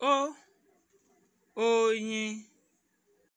o yeah.